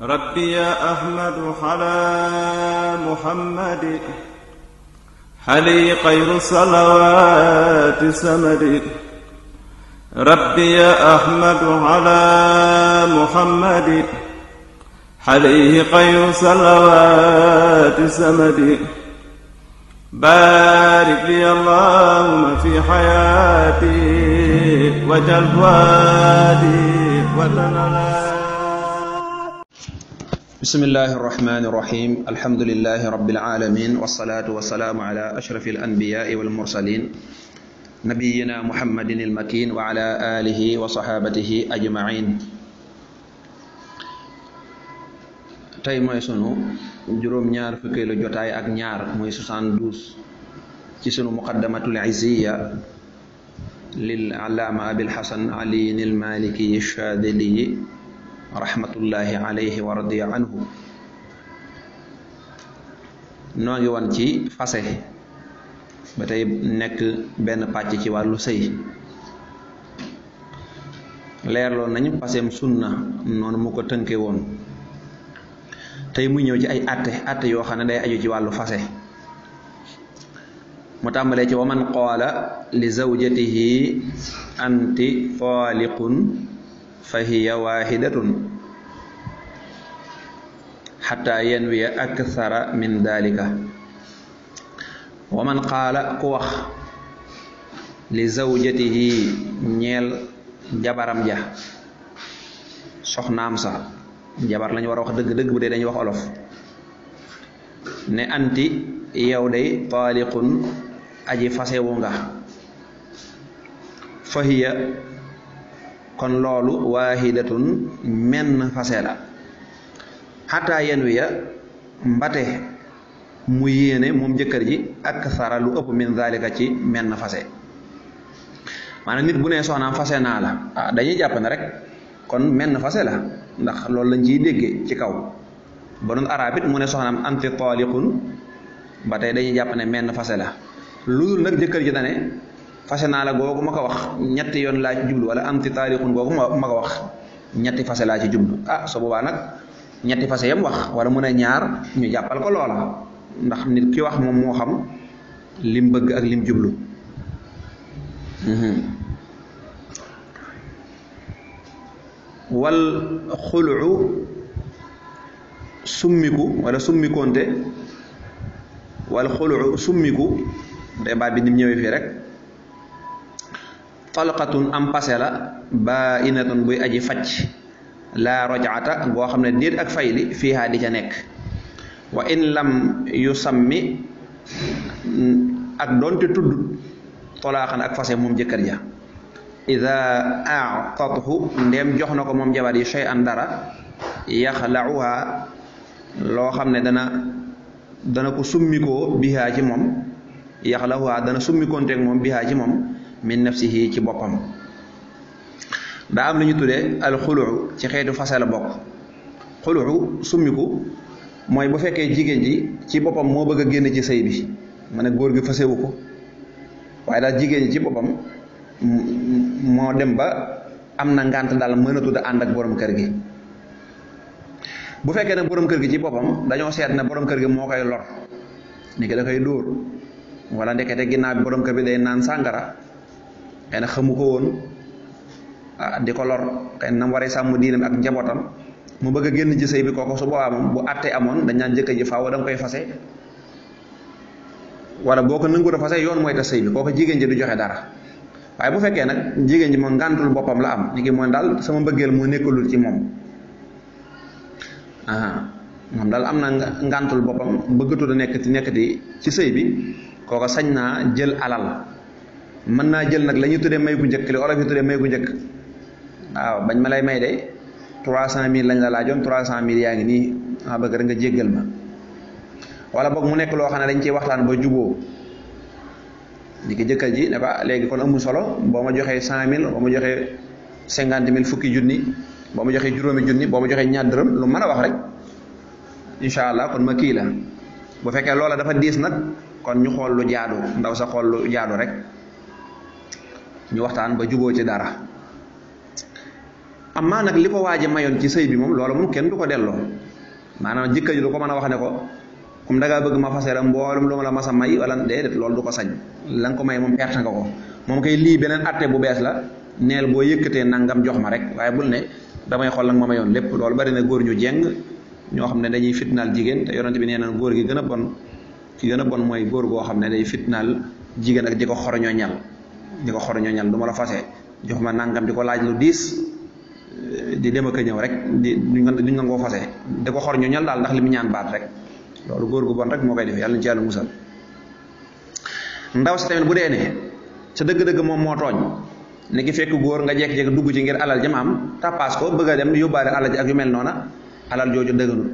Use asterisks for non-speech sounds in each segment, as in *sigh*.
rabbi ya ahmadu xalaa muhammadi xali xayru salawaati samadi rabbi ya ahmadu xalaa muhammadi xali xayru salawaati samadi baarik li allahumma fi xayaati wajal waadi wa tanal bismillahi arrahmani irrahim alhamdulilahi rabilalamin walsalaatu walsalaamu ala ashrafi alanbiyaai walmursalin nabiyina muhammadin almakin wa ala alihi wa sahabatihi ajmain tey mooy sunu juróom-ñaar fukkeelu jotaay ak ñaar muy 72 ci sunu muqaddamatul iziya lil alaama abilhasan aliyin almaliki shadili rahmatullahi alayhi wa radiya anhu noo ngi ci fase ba tey nekk benn pàcc ci wàllu sëy leerloo nañu paseem sunna noonu mu ko tënkee woon tey mu ñëw ci ay atte atte yoo xam ne day aju ci wàllu fase mu tàmbalee ci waman qaala li zawjatihi anti taaliqun fa hiya waxidatun xataa yanwiya aksara min dalika wa man qaala ku wax li yi ñeel jabaram ja soxnaam sa jabar lañu war a wax dëgg-dëgg bu dee dañuy wax olof ne anti yow day taaliqun aji fasewu nga fahiya kon loolu waahidatun menn fase la xataa yen wi ya mbate mu yéene moom jëkkër ji ak sara lu ëpp min ci menn fase maanaam nit bu nee soxnaam fase naa la ah dañuy jàpp ne rek kon menn fase la ndax loolu lañ ciy déggee ci kaw ba noonu arabit mu ne soxnaam anti taliqun dañuy jàpp ne menn fase la loolu nag jëkkër ji dane fase naa la googu ma ko wax ñetti yoon laa ci jublu wala anti taarixun googu ma ko wax ñetti fase laa ci jublu ah su boobaa nag ñetti fase yam wax wala mun a ñaar ñu jàppal ko loola ndax nit ki wax moom moo xam lim bëgg ak lim jublu mhm. wal xulu summiku wala summikonte wal xulu summiku day baat bi nim ñëwee fii rek talqatun am pase la ba inatun buy aji facc laa rojaata goo xam ne déet ak fay li fii di ca nekk wa in lam yu sammi ak doonte tudd tolaaxan ak fase moom jëkkër ja ida aatathu ndem jox na ko moom jabar yi shay an dara yaxlauha loo xam ne dana dana ko summikoo bihaa ci moom yaxlauha dana summikoonteeg moom bihaa ci moom min nafsihi ci boppam daa am lu ñu tuddee al ci xeetu fase la bokk xuluu summiku mooy bu fekkee jigéen ji ci boppam moo bëgg a génn ci sëy bi ma ne góor gi fasewu ko waaye daal jigéen ci boppam moo dem ba am na ngànt daal mënatud a ànd ak boroom kër gi bu fekkee nag borom kër gi ci boppam dañoo seet ne boroom kër gi moo koy lor ni ki da dóor wala ndekete ginnaaw bi borom kër bi day naan sàngara xëy na xamu ko woon ah, di ko lor xëy na nam waree sàmm diinam ak njabootam mu bëgg a génn ci sëy bi kooko su boobaa moom bu àttee amoon dañ naan jëkkër ji faaw da koy fase wala boo ko nanguwut a fase yoon mooy tas sëy bi kooku jigéen ji du joxe dara waaye bu fekkee nag jigéen ji moom ngàntul boppam la am léegi mooy daal sama mbëggeel moo nekkalul ci moom moom daal am na ngàntul boppam bëggatul a nekk ci nekk ci sëy bi kooku sañ naa jël alal. mën naa jël nag la ñuy tuddee may gu njëkk li olof yi tuddee may gu njëkk waaw bañ ma lay may de trois cent mille lañ la laajoon trois cent mille yaa ngi nii ma bëgg rek nga jéggal ma wala boog mu nekk loo xam ne dañ ciy waxtaan ba juboo ni ki jëkkal ji ne ah, léegi kon amul solo boo ma joxee cent mille boo ma joxee cinquante mille fukki junni boo ma joxee juróomi junni boo ma joxee ñaar dërëm lu man a wax rek incha allah kon ma kii la bu fekkee loola dafa diis nag kon ñu xool lu jaadu ndaw sa xool lu jaadu rek ñu waxtaan ba juboo ci dara amma nag li ko waaje mayoon ci sëy bi moom loolu moom kenn du ko delloo maanaam jëkkër ji lu ko mën a wax ne ko comme da ngaa bëgg ma fase la mboolum lu ma la mas a may wala déedéet loolu du ko sañ la ko may moom perte nga ko moom kay lii beneen atte bu bees la neel boo yëkkatee nangam jox ma rek waaye bul ne damay xool nag ma mayoon lépp loolu bari na góor ñu jeng ñoo xam ne dañuy fitnaal jigéen te yonent bi nee na góor gi gën a bon ki gën a bon mooy góor goo xam ne day fitnaal jigéen ak di ko xoroñoo ñal di ko xor ñooñal du ma la fase jox ma nangam di ko laaj lu diis eh, di dem ak a ñëw rek di duñ nga ngoo fase di ko xor ñooñal daal ndax li mu ñaan baat rek loolu góor gu bon rek moo koy def yàlla na ci yàlla musal ndaw si tamit bu dee ne sa dëgg-dëgg moom moo tooñ ne ki fekk góor nga jekk-jekk dugg ci ngir alal jam am tappaas ko bëgg a dem yóbbaale alal ji ak yu mel noona alal jooju dëgganut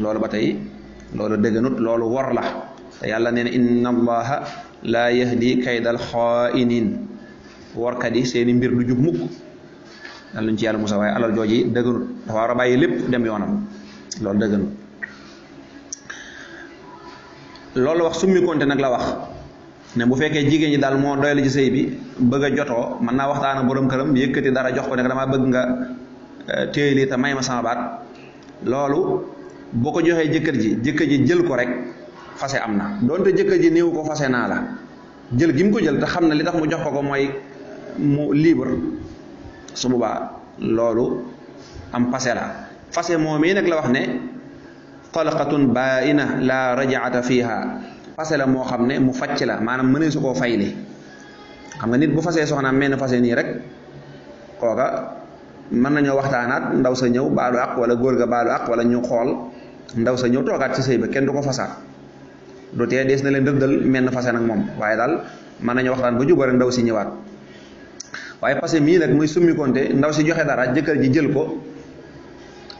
loolu ba tey loolu dëgganut loolu wor la te yàlla nee na laa yahdi kaydal xaainin warkat yi seeni mbir du jub mukk dal luñ ci yàlla musa waaye alal jooji dëgganut dafa war a bàyyi lépp dem yoonam loolu dëgganut loolu wax summi konte nag la wax ne bu fekkee jigéen ñi daal moo doyal ci sëy bi bëgg a jotoo mën naa waxtaan ak borom këram yëkkati dara jox ko ne damaa bëgg nga euh, téye lii te may ma sama baat loolu boo ko joxee jëkkër ji jëkkër ji jël ko rek fase am na doonte jëkkër ji néew ko fase naa la jël gi mu ko jël te xam na li tax mu jox ko ko mooy mu libre su loolu am fase la fase moom yi nag la wax ne talaqatun baina la rajaata fiha fase la moo xam ne mu facc la maanaam mënee su koo fayli xam nga nit bu fasee soxnaam mel ne fase nii rek kooka mën nañoo waxtaanaat ndaw sa ñëw baalu àq wala góor ga baalu àq wala ñu xool ndaw sa ñëw toogaat ci sëy ba kenn du ko fasaat du te dees na leen rëddal menn fase nag moom waaye daal mën nañu waxtaan ba jubóo rek ndaw si ñëwaat waaye fase mii nag muy summi konte ndaw si joxe dara jëkkër ji jël ko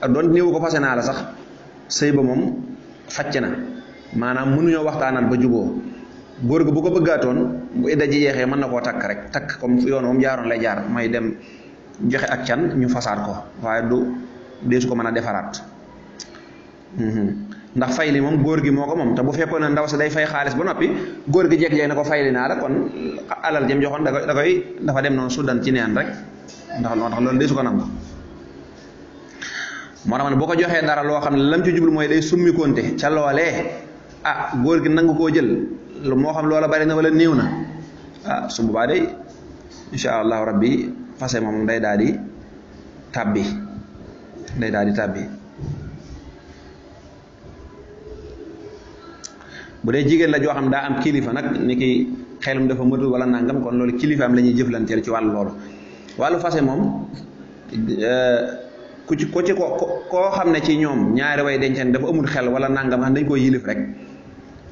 ak doon néewu ko fase naa la sax sëy ba moom facc na maanaam mënuñoo waxtaanaat ba jubóo góor gi bu ko bëggaatoon bu idda ji jeexee mën na koo takk rek takk comme yoon moom jaaroon lay jaar mooy dem joxe ak can ñu fasaat ko waaye du deesu ko mën a defaraat mhm. ndax fay li moom góor gi moo ko moom te bu fekkoon ne ndaw si day fay xaalis ba noppi góor gi jékki-jékki na ko fay li naa la kon alal jëm joxoon da koy dafa dem noonu suddan ci neen rek ndax moo loolu day su ko nangu ne boo ko joxee dara loo xam ne lam ci jublu mooy day summi konte ah góor gi nangu koo jël moo xam loola bari na wala néew na a ah su boobaa day incha allahu rabbi fase moom day daal di tàbbi day daal di tàbbi bu dee jigéen la joo xam daa am kilifa nag ni ki xelum dafa matul wala nangam kon loolu kilifaam la ñuy jëflanteel ci wàllu loolu wàllu fase moom eh, ku ci ku ci ko xam ne ci ñoom ñaari way dencante dafa amul xel wala nangam xam ah, dañ ko yilif rek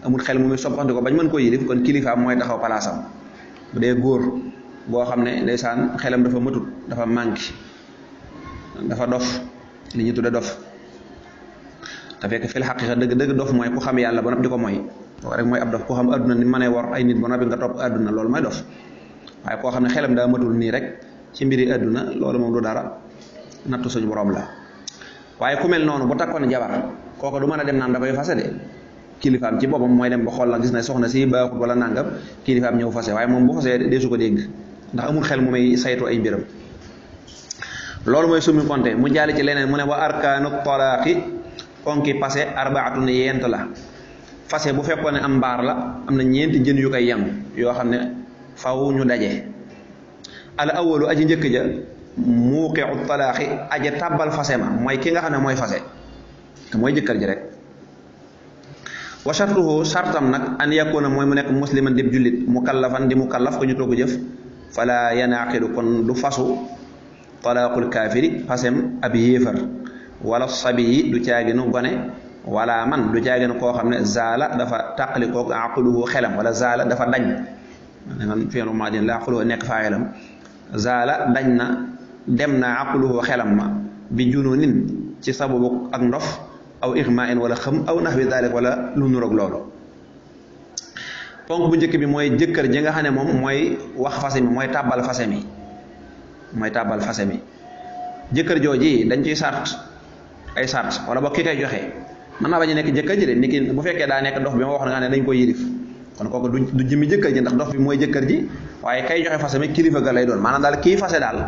amul xel mu muy soppante ko bañ mën koo yilif kon kilifaam mooy taxaw palaasam bu dee góor boo xam ne ndeysaan xelam dafa matut dafa manqué dafa dof li ñu tudde dof te fekk fil xaqiqa dëgg dëgg dof mooy ku yàlla ba di ko mooy kooku rek mooy ab dof koo xam adduna ni mënee war ay nit ba noppi nga topp adduna loolu mooy dof waaye koo xam ne xelam daa matul nii rek ci mbiri adduna loolu moom du dara nattu suñu boroom la waaye ku mel noonu bu takkoon jabar kooku du man a dem naan da koy fase de kilifaam ci boppam mooy dem ba xool la gis ne soxna si baaxut wala nangam kilifaam ñëw fase waaye moom bu fasee dee su ko dégg ndax amul xel mu may saytu ay mbiram loolu mooy sumi konte mu jaali ci leneen mu ne wa arkaanu talaaqi ponki passé arbaatun yent la fase bu fekkoon ne am mbaar la am na ñeenti jën yu koy yem yoo xam ne faw ñu daje al awalu aji njëkk ja muuqiu talaaxi aja tàbbal fase ma mooy ki nga xam ne mooy fase te mooy jëkkër ji rek wa shartuhu shartam nag an yakuna mooy mu nekk musliman dib jullit mukallafan di mukallaf ko ñu toog jëf fala yanaaqidu kon du fasu talaaqul kaafiri fasem ab yéefar wala sabi yi du caaginu gone wala man du caageen koo xam ne zaala dafa tàqali koog aqluhu xelam wala zaala dafa dañ dangan fi'lu maadin la aqluhu nekk faa'ilam dañ na dem na aqluhu xelam ma bi jununin ci sababu ak ndof aw ixmaa'in wala xëm aw naxwi dalik wala lu nuroog loolu ponk bu njëkk bi mooy jëkkër ji nga xam ne moom mooy wax mooy tàbbal fase mi mooy tàbbal fase jooji dañ ciy sart ay sart wala boog ki koy joxe mën naa bañ a nekk jëkkër ji de bu fekkee daa nekk dof bi ma wax nga ne dañ koy yilif kon kooku du du jëmmi jëkkër ji ndax dox bi mooy jëkkër ji waaye kay joxe fase mi kilifa ga lay doon maanaam daal kii fase daal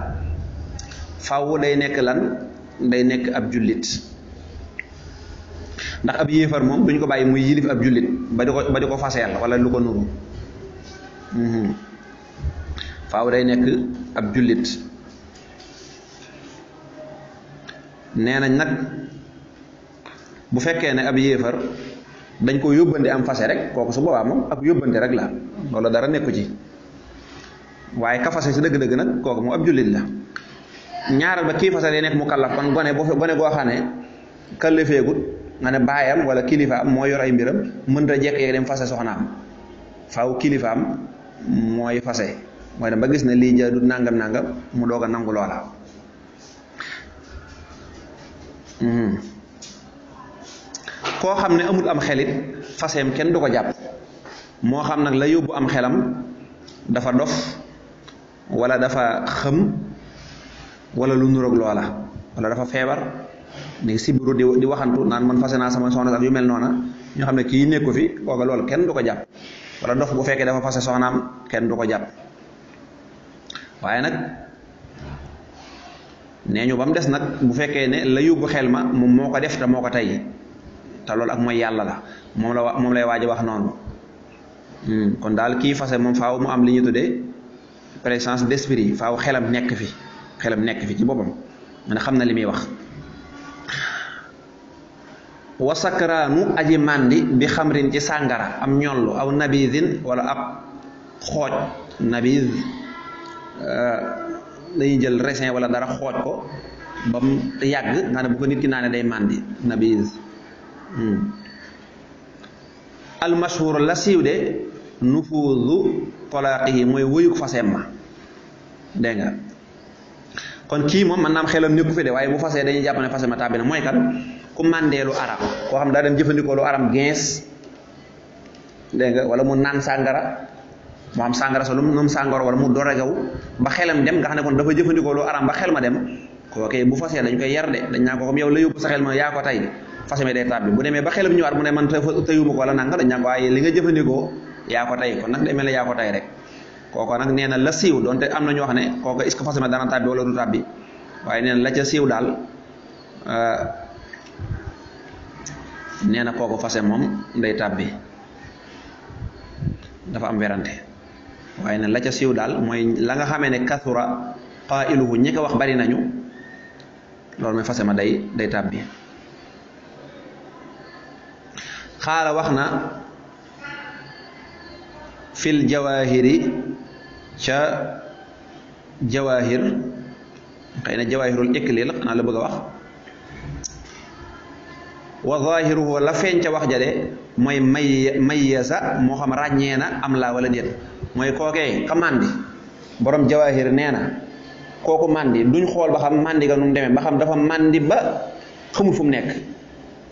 faaw day nekk lan day nekk ab jullit ndax ab yéefar moom duñ ko bàyyi muy yilif ab jullit ba di ko ba di ko faseel wala lu ko nuru mhm. faaw day nekk ab jullit nee nañ nag bu fekkee ne ab yéefar dañ ko yóbbandi am fase rek kooku su boobaa ak ab rek la loolu dara nekku ci waaye ka fase si dëgg-dëgg nag kooku moom ab jullit la ñaaral ba kii fase day nekk mu kallaf kon gone goo xam kallafeegut nga ne baayam wala kilifaam moo yor ay mbiram mën a jekk yeeg dem fase soxnaam faaw kilifaam mooy fase mooy dem gis ne lii jaadut nangam nangam mu doog a nangu loola hmm. koo xam ne amul am xelit faseem kenn du ko jàpp moo xam nag la yóbbu am xelam dafa dof wala dafa xëm wala lu nuroog loola wala dafa feebar ni sibiru di di waxantu naan man fase naa sama soxna ak yu mel noona ñoo xam ne kii nekku fi kooka loolu kenn du ko jàpp wala dof bu fekkee dafa fase soxnaam kenn du ko jàpp waaye nag nee ñu ba mu des nag bu fekkee ne la yóbbu xel ma moom moo ko def moo ko tey te loolu ak mooy yàlla la moom la moom lay waaj a wax noonu hmm, kon daal kii fase moom faaw mu am li ñu tuddee présence d'esprit faaw xelam nekk fi xelam nekk fi ci boppam man xam na li muy wax wasakraanu aji màndi bi xamrin ci sàngara am ñollu aw nabidin wala ab xooj nabid euh, dañuy jël raisin wala dara xooj ko ba mu yàgg nga ne bu ko nit ki naanee day màndi nabid Hmm. almashhur la siiw de nufuudu talaaqihi mooy wëyug faseem ma dégg kon kii moom man naam xelam nekku fi de waaye bu fasee dañuy jàpp ne fase ma tàbbi na mooy kan koo xam daa dem lu aram gens dégg nga wala mu naan sàngara mu xam sàngara sa lu mu sàngara wala mu doregaw ba xelam dem nga xam ne kon dafa jëfandikoo lu aram ba xel ma dem koo kee bu fasee dañ koy yar de dañ naa ko comme yow la yóbbu sa xel ma yaa ko tey fas mi day tàbbi bu demee ba xelam ñëwaat mu ne man tayuma ko wala nanga dañ naan waaye li nga jëfandikoo yaa ko tay kon nag day mel ne yaa ko tay rek kooko nag nee na la siiw donte am na ñu wax ne kooko est-ce que fas mi dana tàbbi waaye na la ca siiw daal euh, nee na kooku fase moom day tàbbi dafa am werante waaye nag la ca siiw daal mooy la nga xamee ne kathura qailuhu ñi wax bari nañu loolu mooy fase ma day day tàbbi xaala wax na fil jawaahiri ca jawaahir xëy na jawaahirul iklil xanaa la bëgg a wax wa zaahiruhu la feeñ ca wax ja de mooy may mayyaza moo xam ràññee na am laa wala déet mooy kookee ka màndi borom jawaahir nee na kooku màndi duñ xool ba xam màndi ga nu mu demee ba xam dafa màndi ba xamul fu mu nekk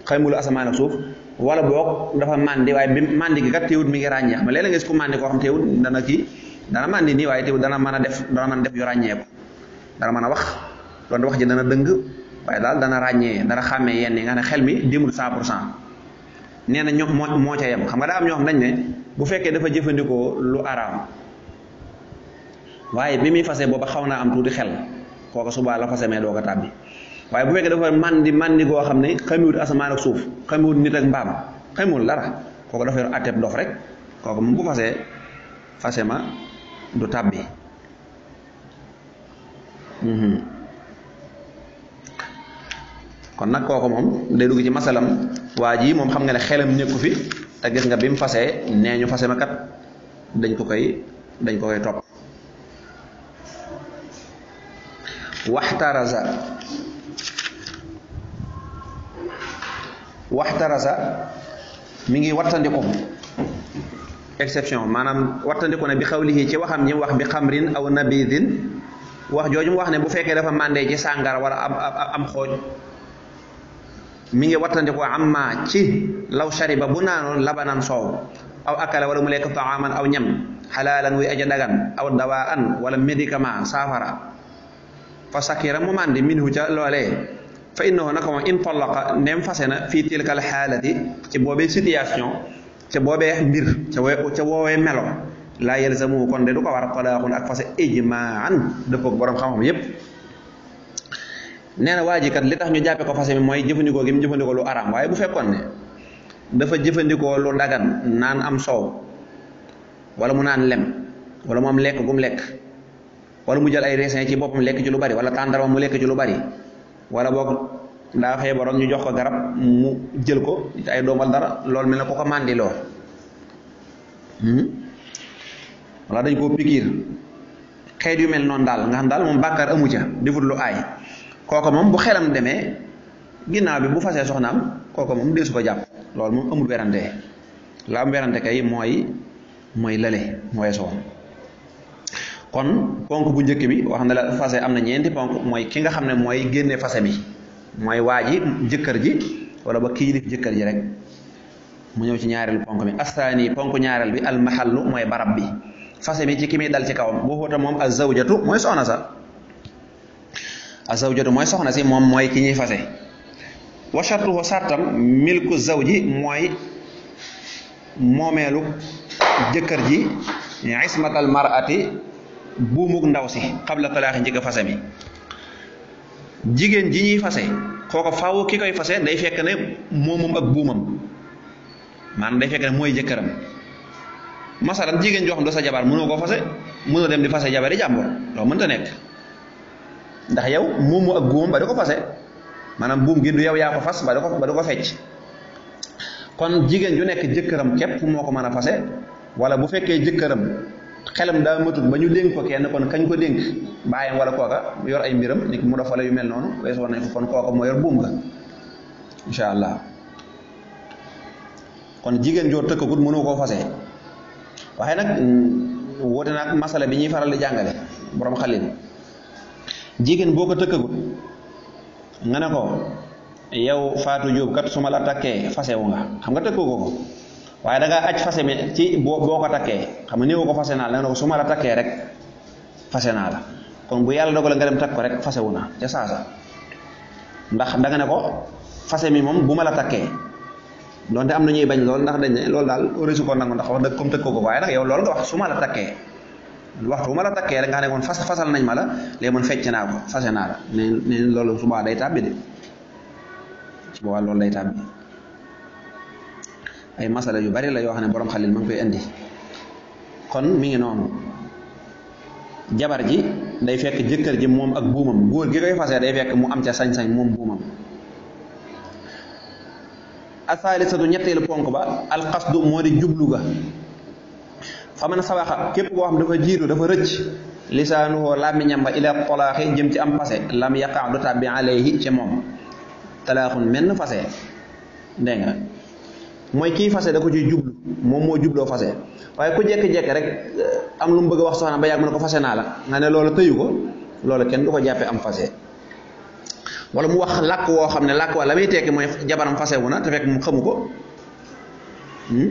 xamul asamaan ak suuf wala boog dafa màndi waaye bi màndi gi kat teewut mi ngi ràññee xam nga léeg-léeg gis ku màndi koo xam teewut dana kii dana màndi nii waaye teewut dana mën a def dana mën a def yu ràññee ko dana mën a wax loolu wax ji dana dëng waaye daal dana ràññee dara xàmmee yenn yi nga xel mi demul cent pour cent na ñoom moo xam nga daa am ñoo xam dañ ne bu fekkee dafa jëfandikoo lu araam waaye bi muy fasee booba xaw naa am tuuti xel kooka subaa la fase mee doog a tàbbi waaye bu fekkee dafa man di man goo xam ne xamiwut asamaan ak suuf xamiwut nit ak mbaam xamiwul dara kooku dafa yor atteb dof rek kooku moom bu fasee fase ma du tàbbi mhm. kon nag kooku moom day dugg ci masalam waa ji moom xam nga ne xelam nekku fi te gis nga bi mu fasee nee ñu fase ma kat dañ ko koy dañ ko koy topp waxtaraza waxtarasa mu ngi wattandiku exception maanaam wattandiku na bi xawlihi ci waxam ñi wax bi xamrin aw nabidin wax jooju mu wax ne bu fekkee dafa màndee ci sàngara wala am xooj mi ngi wattandiku amma ci law shariba bu naanoon labanan soow aw akala wala mu lekk taaman aw ñam xalaalan wuy aja dagan aw dawaan wala médicament saafara fa sakira mu màndi minhu ca loolee fa innahu naka moom in tollaqa ndem fase na fii tilkal xaalati ci boobee situation ca boobee mbir ca woo ca woowee melo laa yalzamu kon de du ko war talaaxun ak fase ijmaan dëppoog borom xam-xam yépp nee na waa ji li tax ñu jàppe ko fase mi mooy jëfandikoo gi mu jëfandikoo lu araam waaye bu fekkoon ne dafa jëfandikoo lu dagan naan am soow wala mu naan lem wala mu am lekk gu mu lekk wala mu jël ay raisin ci boppam lekk ci lu bari wala tàndarma mu lekk ci lu bari wala boog daa feebaroon ñu jox ko garab mu jël ko ay doomal dara loolu mel ne ko ko màndiloo hmm? wala dañ koo pikiir xeet yu mel noon daal nga xam daal moom bàkkaar amu ca defut lu aay kooka moom bu xelam demee ginnaaw bi bu fasee soxnaam kooka moom deesu ko jàpp loolu moom amul werante la am werante kay mooy mooy lale mooy soxna kon ponk bu njëkk bi wax na la fase am na ñeenti ponk mooy ki nga xam ne mooy génne fase bi mooy waa yi jëkkër ji wala ba kii yilif jëkkër ji rek mu ñëw ci ñaareelu ponk bi astaani ponk ñaareel bi almahallu mooy barab bi fase bi ci ki muy dal ci kawam boo xóota moom azawjatu mooy soxna sa azawjatu mooy soxna si moom mooy ki ñuy fase wa shartuhu sartam milku zawji mooy moomeelu jëkkër ji ismatal mar'ati buumug ndaw si xabla talaaxi njëkk a fase mi jigéen ji ñuy fase kooko faaw ki koy fase day fekk ne moomum ak buumam maanaam day fekk ne mooy jëkkëram masalan jigéen joo xam sa jabar mënoo koo fase mënoo dem di fase jabari jàmbur loolu mënta nekk ndax yow moomu ak buumam ba da ko fase maanaam buum gi du yow yaa ko fas ba da ko ba da fecc kon jigéen ju nekk jëkkëram képp moo ko mën a fase wala bu fekkee jëkkëram xelam daa matut ba ñu dénk ko kenn ko kañ ko dénk bàyyam wala kooka yor ay mbiram ni mu dofale yu mel noonu wees woon nañ ko kon kooka allah kon jigéen joo tëkkakut mënu koo fase waaye nag mm, woote naag masala bi ñuy faral di jàngale boroom xalin jigéen boo ko tëkkagut nga ne ko yow Fatou Diop kat su ma la takkee fasewu nga xam nga tëkkoo waaye da aj fase mi ci boo boo ko takkee xam nga néew ko fase naa la nga ne ko su la takkee rek fase naa la kon bu yàlla dogal nga dem takk ko rek fase wu naa ca saasa da nga ne ko fase moom bu ma la takkee donte am na ñuy bañ lool ndax dañ loolu daal résu ko nangu ndax wax dëgg ko waaye nag yow loolu nga su ma la takkee waxtu bu takkee rek nga xam ne kon fasal nañ ma la man fecc naa ko fase naa la ne ne loolu subaa day tàbbi de subaa loolu day tàbbi ay masala yu bari la yoo xam ne borom xalil ma ngi koy indi kon mi ngi noonu jabar ji day fekk jëkkër ji moom ak buumam góor gi koy fasee day fekk mu am ca sañ-sañ moom buumam asaalisatu ñetteelu ponk ba alxasdu moo di jublu ga fa man sawaxa képp koo xam dafa jiitu dafa rëcc lisaanuhu làmmiñam ba ila talaaxi jëm ci am fase lam yaqa du tàbbi alayhi ci moom talaaxun menn fase dégg nga mooy kii fase da ko ciy jublu moom moo jubloo fase waaye ku jékki jekk rek eh, am lu mu bëgg wax soxna ba yàgg mu ne ko fase naa la nga ne loolu tëyu ko loolu kenn du ko jàppee am fase wala mu wax làkk woo xam ne làkk wa la tekki mooy jabaram fase wu na te mu xamu ko hmm?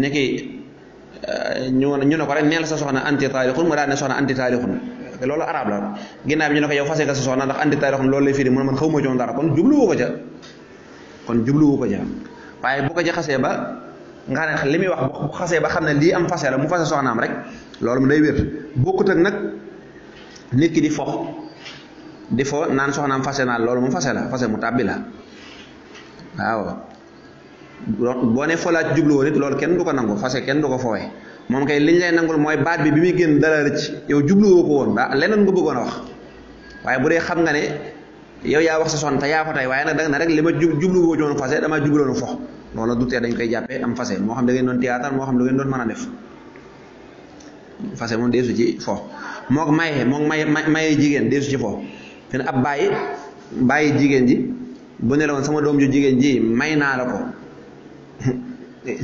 nekki eh, ñu ñu ne ko rek neel sa soxna anti taalixun mu daal ne soxna anti taalixun loolu arab la ginnaaw bi ñu ne ko yow fase nga sa soxna ndax anti taalixun loolu lay firi mu ne man xaw ma joon dara kon jubluwu ko ca kon jubluwu ko ca waaye bu ko ci xasee ba nga ne li muy wax bu xasee ba xam ne lii am fase la mu fase soxnaam rek loolu mu day wér bokkut ak nag nit ki di fox di fo naan soxnaam fase naa loolu mu fase la fase mu tàbbi la waaw boo ne folaat jubluwoon it loolu kenn du ko nangu fase kenn du ko fowe moom kay liñ lay nangul mooy baat bi bi muy génn dala rëcc yow jubluwoo ko woon leneen nga bëggoon a wax waaye bu dee xam nga ne yow yaa wax sa son te yaa ko tey waaye nag danga ne rek li ma jub jublu woo joon fase damaa jubloonu fo loola du tee dañ koy jàppee am fase moo xam da ngeen doon théâtre moo xam da ngeen doon mën a def fase moom deesu ci fo moog maye moog maye maye jigéen deesu ci fo fi ne ab bàyyi bàyyi jigéen ji bu ne sama doom ju jigéen ji may naa la ko *laughs*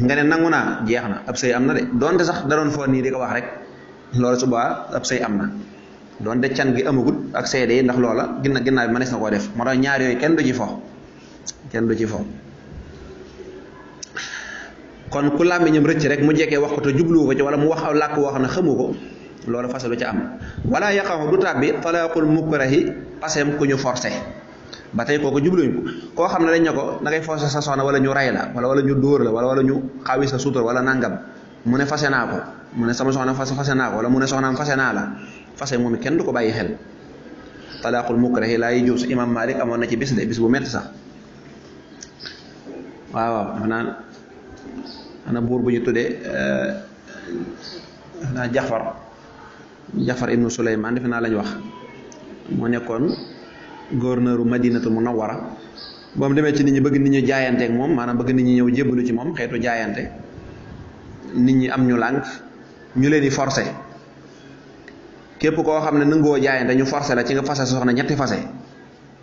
nga ne nangu naa jeex na ab sëy am na de donte sax da doon fo nii di ko wax rek loolu suba ab sëy am na doonte can gi amagut ak seede yi ndax loola ginna ginnaaw bi mënees na koo def moo tax ñaar yooyu kenn du ci fo kenn du ci fo kon ku làmmiñam rëcc rek mu jekkee wax ko te jubluwu ko ci wala mu wax aw làkk woo xam ne xamu ko loolu fasalu ci am wala yaqamu du tàbbi talaaqul mukrahi pasem ku ñu forcé ba tey kooku jubluñ ko koo xam ne dañ ne ko da ngay forcé sa soxna wala ñu rey la wala wala ñu dóor la wala wala ñu xawi sa suutar wala nangam mu ne fase naa ko mu ne sama soxna fase naa ko wala mu ne soxnaam fase naa la fase moom kenn du ko bàyyi xel talaaqul mukrahi laa yajuuz imam Malik amoon na ci bis de bis bu métti sax waaw waaw maanaam ana buur bu ñu tuddee eh, naa Jafar Jafar ibnu Suleymaan defe naa lañ wax moo nekkoon gouverneur madinatul munawwara ba mu demee ci nit ñi bëgg nit ñi jaayanteek moom maanaam bëgg nit ñi ñëw jébbalu ci moom xeetu jaayante nit ñi am ñu lànk ñu leen di forcer képp koo xam ne nangoo jaayen dañu forcé la ci nga fase sa soxna ñetti fase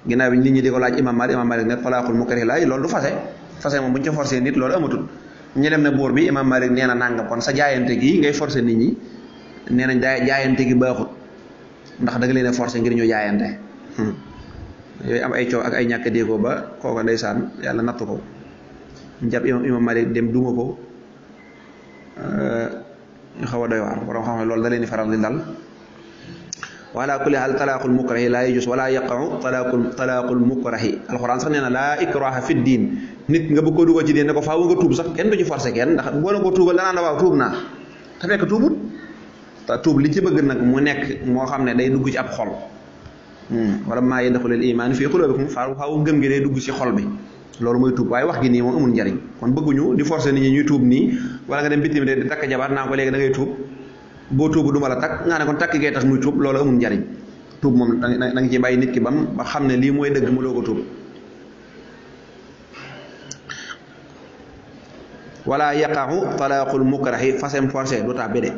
ginnaaw bi nit ñi di ko laaj imam Malik imam Malik ne talaqul mukarih laay loolu du fase fase moom bu ñu ca forcé nit loolu amatul ñu dem ne buur bi imam Malik nee na nangam kon sa jaayante gi ngay forcé nit ñi nee nañ daa jaayante gi baaxut ndax da leen a forcé ngir ñu jaayante hmm. yooyu am ay coow ak ay ñàkk déggoo ba kooka ndeysaan yàlla nattu ko ñu jàpp imam imam dem duma ko euh, ñu xaw a doy waar borom xam ne di faral di dal wa ala kulli hal talaaqul mukrahi laa yajuz wala yaqa'u talaaqul talaaqul mukrahi alxuraan sax nee na laa ikraha fi diin nit nga bëgg ko dugal ci diin ne ko faaw nga tuub sax kenn du ci forcer kenn ndax boo na ko tuubal danaa la waaw naa te fekk te tuub li ci bëgg nag mu nekk moo xam ne day dugg ci ab xol hmm. wala maa yadxulul imaan fii quluubikum faaw faaw ngëm gi day dugg ci xol bi loolu mooy tuub waaye wax gi nii moom amul njariñ kon bëgguñu di forcer nit ñi ñuy tuub nii wala nga dem bitim de di takk jabar naa ko léegi da ngay tuub boo tuubu du ma la takk nga ne kon takk gee tax muy tuub loolu amul njariñ tuub moom da nga ci bàyyi nit ki bam ba xam ne lii mooy dëgg mu doo ko tuub wala yaqaxu talaaqul mukrahi fasem forcé du tàbbi de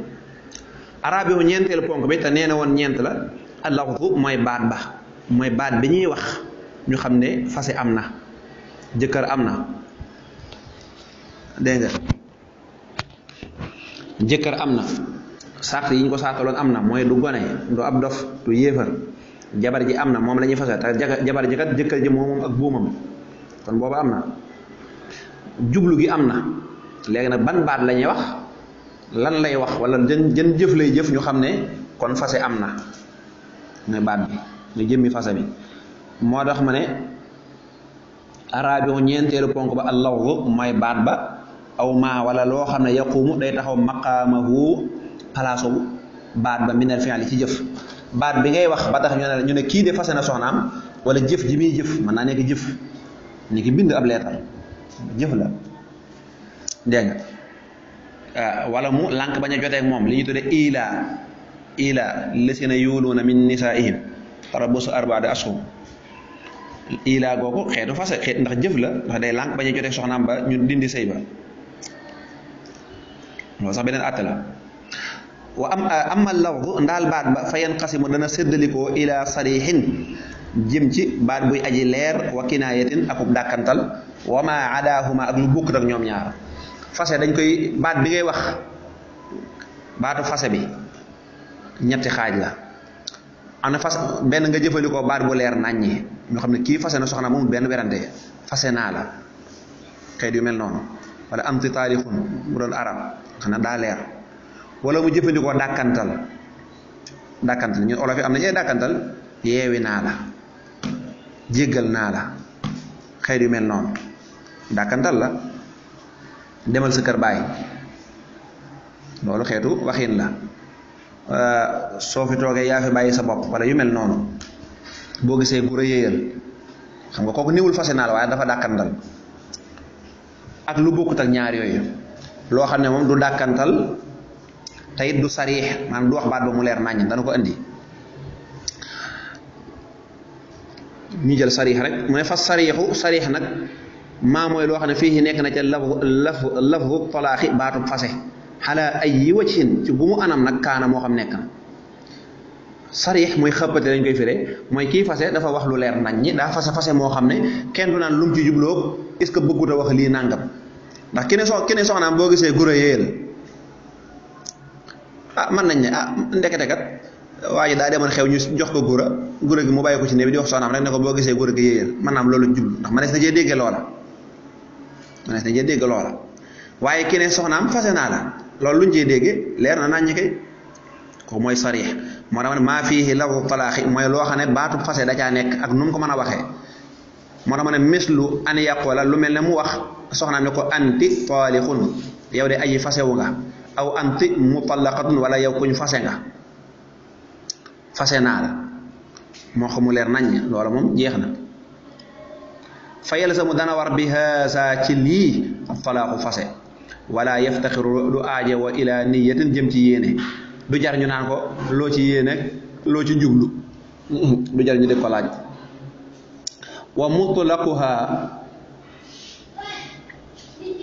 arabe wu ñeenteelu ponk bi te nee na woon ñeent la allawtu mooy baat ba mooy baat bi ñuy wax ñu xam ne fase am na jëkkër am na dégg jëkkër am na sart yi ñu ko saataloon am na mooy du gone du ab dof du yéefar jabar ji am na moom lañuy ñuy fase te jabar ji kat jëkkër ji moom ak buumam kon boobu am na jublu gi am na léegi nag ban baat la ñuy wax lan lay wax wala jën jën jëf lay jëf ñu xam ne kon fase am na mooy baat bi ñu jëmmi fasa bi moo tax ma ne araabi ñeenteelu ponk ba allahu mooy baat ba aw maa wala loo xam ne yaqumu day taxaw maqaamahu palaasu baat ba minal li ci jëf baat bi ngay wax ba tax ñu ne kii de fase na soxnaam wala jëf ji muy jëf man naa nekk jëf ni ki ab leetar jëf la dégg ah, mu lànk bañ a moom li ñu tuddee ila ila lesina yuuluuna min nisaihim tarabusu arbaade ashum ila ndax jëf la ndax day lànk bañ a joteeg soxnaam ba ñu dindi sëy ba loolu sax beneen àtte la wa am euh, amal lafdu ndaal baat ba fa yanqasimu dana séddalikoo ila sarixin jëm ci baat buy aji leer wa kinaayatin akub dàkkantal wa ma ak lu bokkut ak ñoom ñaar fase dañ koy baat bi ngay wax baatu fase bi ñetti xaaj la am na fas benn nga jëfandikoo baat bu leer nàññi ñoo xam ne kii fase na soxna moom benn werante fase naa la xeet yu mel noonu wala am ti taarixun bu doon arab xanaa daa leer wala mu jëfandikoo dàkkantal dàkkantal ñun olof yi am na ñee dàkkantal yeewi naa la jéggal naa la xeet yu mel noonu dàkkantal la demal sa kër bàyyi loolu xeetu waxin la euh, soo fi toogee yaa fi bàyyi sa bopp wala yu mel noonu boo gisee gura yéyal xam nga kooku niwul fase naa la waaye dafa dàkkantal ak lu bokkut ak ñaar yooyu loo xam ne moom du dàkkantal te it du sariix maanaam du wax baat ba mu leer naññ dana ko indi ñu jël sariix rek mu fas sariixu sariix nag maa mooy loo xam ne fii nekk na ca lafu lafu lafu talaaxi baatub fase xalaa ay yi wajhin ci anam nag kaana moo xam nekk na mooy xëppate lañ koy firee mooy kii fase dafa wax lu leer nañ ñi daa fase fase moo xam ne kenn du naan lu mu ci jubloog est-ce que bëggut a wax lii nàngam ndax ki ne so ki boo gisee gura yéyal ah mën nañ ne ah ndekete kat waa ji daa xew ñu jox ko gura gura gi mu bàyyi ko ci ne bi di wax soxnaam rek ne ko boo gisee gura gi yéeyal maanaam loolu jublu ndax mënees na cee dégg loola mënees na cee dégg loola fase naa la loolu luñ cee dégg leer na nañ ko mooy sarix moo tax maa fii lawu talaaxi mooy loo xam ne baatu fase da caa nekk ak nu mu ko mën a waxee moo tax ma ne lu an yaqoola lu mel ne mu wax soxnaam ne ko anti taalixun yow de aji fasewu nga aw anti mutallaqatun walla yow ku ñu fase nga fase naa la moo xamu leer naññ loola moom jeex na fa samu dana war bi haasa ci lii talaaxu fase wala yaftaxiru du aaje wa ila niyatin jëm ci yéene du jar ñu naan ko loo ci yéene loo ci njublu du jar ñu di ko laaj wa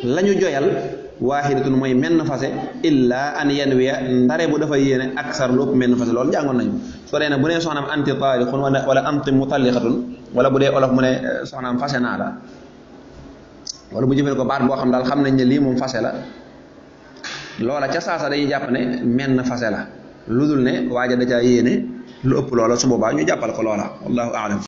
lañu joyal waaxidatun mooy menn fase illa an yanwiya ndare bu dafa yéene aksar lu ëpp menn fase loolu jàngoon nañu soo dee nag bu nee soxnaam anti taaliqun wala anti mutalliqatun wala bu dee olof mu ne eh, soxnaam fase naa la wala bu jëfee ko baat boo xam daal xam nañ ne lii moom fase la loola ca saasa dañuy jàpp ne menn fase la lu dul ne waaja da caa yéene lu ëpp loola su boobaa ñu jàppal ko loola wallahu aalam